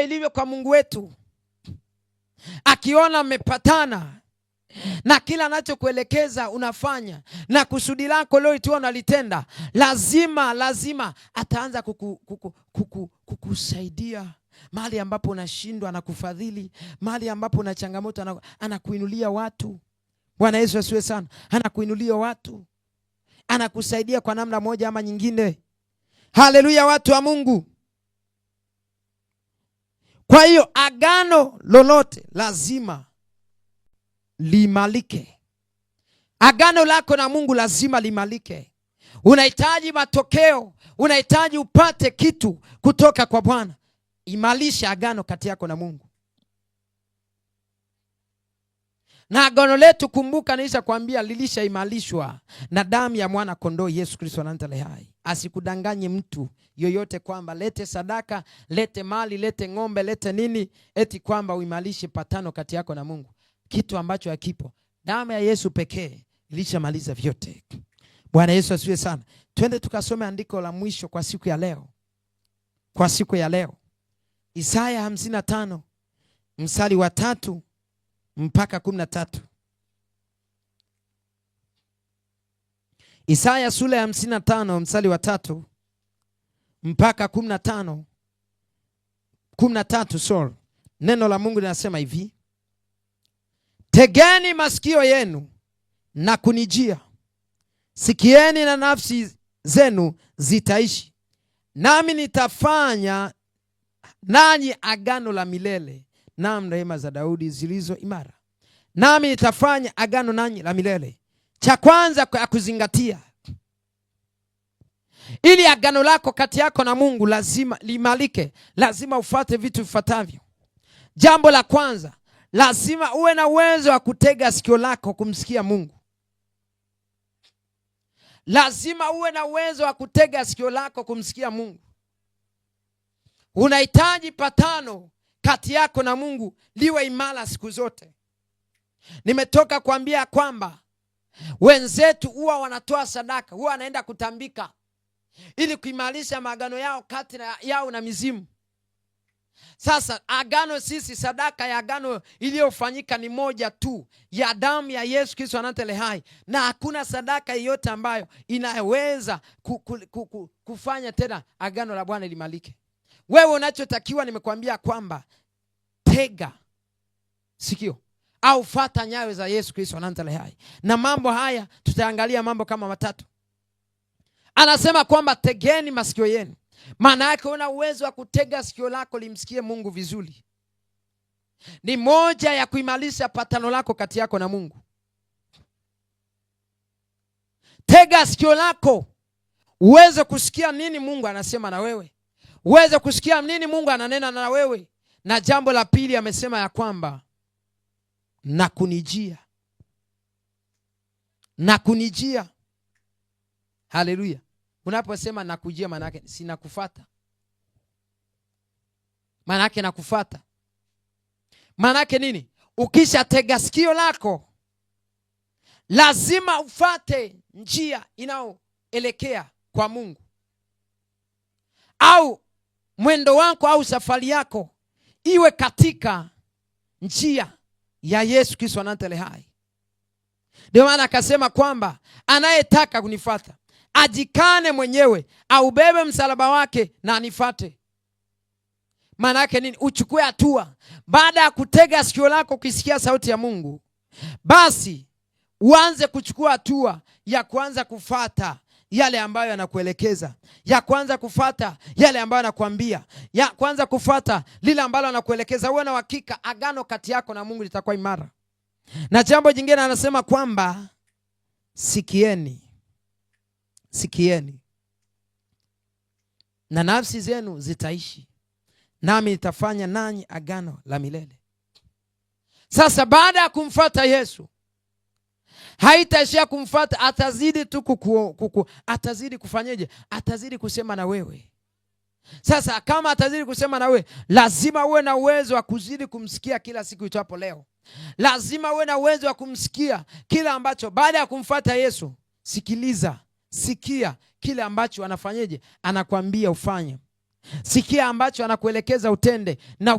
ndivyo ilivyo kwa Mungu wetu, akiona mmepatana na kila anachokuelekeza unafanya na kusudi lako leo itiwa unalitenda, lazima lazima ataanza kuku, kuku, kuku, kukusaidia mahali ambapo unashindwa, anakufadhili mahali ambapo una changamoto, anakuinulia watu. Bwana Yesu asiwe sana, anakuinulia watu, anakusaidia kwa namna moja ama nyingine. Haleluya, watu wa Mungu. Kwa hiyo agano lolote lazima limalike. Agano lako na Mungu lazima limalike. Unahitaji matokeo, unahitaji upate kitu kutoka kwa Bwana. Imalisha agano kati yako na Mungu. na agano letu, kumbuka, nilishakwambia lilishaimarishwa na damu ya mwana kondoo Yesu Kristo anantale hai. Asikudanganye mtu yoyote kwamba lete sadaka, lete mali, lete ng'ombe, lete nini, eti kwamba uimarishe patano kati yako na Mungu, kitu ambacho hakipo. Damu ya Yesu pekee ilishamaliza vyote. Bwana Yesu asiwe sana. Twende tukasome andiko la mwisho kwa siku ya leo, kwa siku ya leo, Isaya 55 msali wa tatu mpaka kumi na tatu. Isaya sura ya hamsini na tano mstari wa tatu mpaka kumi na tano kumi na tatu sorry. Neno la Mungu linasema hivi, tegeni masikio yenu na kunijia, sikieni na nafsi zenu zitaishi, nami nitafanya nanyi agano la milele naam, rehema za Daudi zilizo imara, nami nitafanya agano nanyi la milele. Cha kwanza kwa kuzingatia, ili agano lako kati yako na Mungu lazima limalike, lazima ufuate vitu vifuatavyo. Jambo la kwanza, lazima uwe na uwezo wa kutega sikio lako kumsikia Mungu. Lazima uwe na uwezo wa kutega sikio lako kumsikia Mungu. Unahitaji patano kati yako na Mungu liwe imara siku zote. Nimetoka kuambia kwamba wenzetu huwa wanatoa sadaka, huwa wanaenda kutambika ili kuimarisha maagano yao kati yao na mizimu. Sasa agano sisi, sadaka ya agano iliyofanyika ni moja tu ya damu ya Yesu Kristo anatele hai, na hakuna sadaka yoyote ambayo inaweza kufanya tena agano la Bwana limalike. Wewe unachotakiwa nimekuambia kwamba tega sikio au fata nyayo za Yesu Kristo ananzale hai. Na mambo haya tutaangalia mambo kama matatu. Anasema kwamba tegeni masikio yenu. Maana yake una uwezo wa kutega sikio lako limsikie Mungu vizuri. Ni moja ya kuimarisha patano lako kati yako na Mungu. Tega sikio lako uweze kusikia nini Mungu anasema na wewe uweze kusikia nini Mungu ananena na wewe. Na jambo la pili amesema ya kwamba na kunijia, na kunijia. Haleluya! Unaposema nakujia, maana yake sinakufata, maana yake nakufata. Maana yake nini? Ukishatega sikio lako lazima ufate njia inayoelekea kwa Mungu, au mwendo wako au safari yako iwe katika njia ya Yesu Kristo anatele hai. Ndio maana akasema kwamba anayetaka kunifata ajikane mwenyewe aubebe msalaba wake na anifate. Maana yake nini? Uchukue hatua. Baada ya kutega sikio lako kuisikia sauti ya Mungu, basi uanze kuchukua hatua ya kuanza kufata yale ambayo anakuelekeza, ya kwanza kufata yale ambayo anakuambia, ya kwanza kufata lile ambalo anakuelekeza. huwe na uhakika agano kati yako na Mungu litakuwa imara. Na jambo jingine anasema kwamba sikieni, sikieni na nafsi zenu zitaishi, nami nitafanya nanyi agano la milele. Sasa baada ya kumfata Yesu haitaishia kumfuata, atazidi tu kuku, kuku, atazidi kufanyeje? Atazidi kusema na wewe. Sasa kama atazidi kusema na wewe, lazima uwe na uwezo wa kuzidi kumsikia kila siku itwapo leo. Lazima uwe na uwezo wa kumsikia kila ambacho, baada ya kumfuata Yesu, sikiliza, sikia kile ambacho anafanyeje, anakwambia ufanye, sikia ambacho anakuelekeza utende na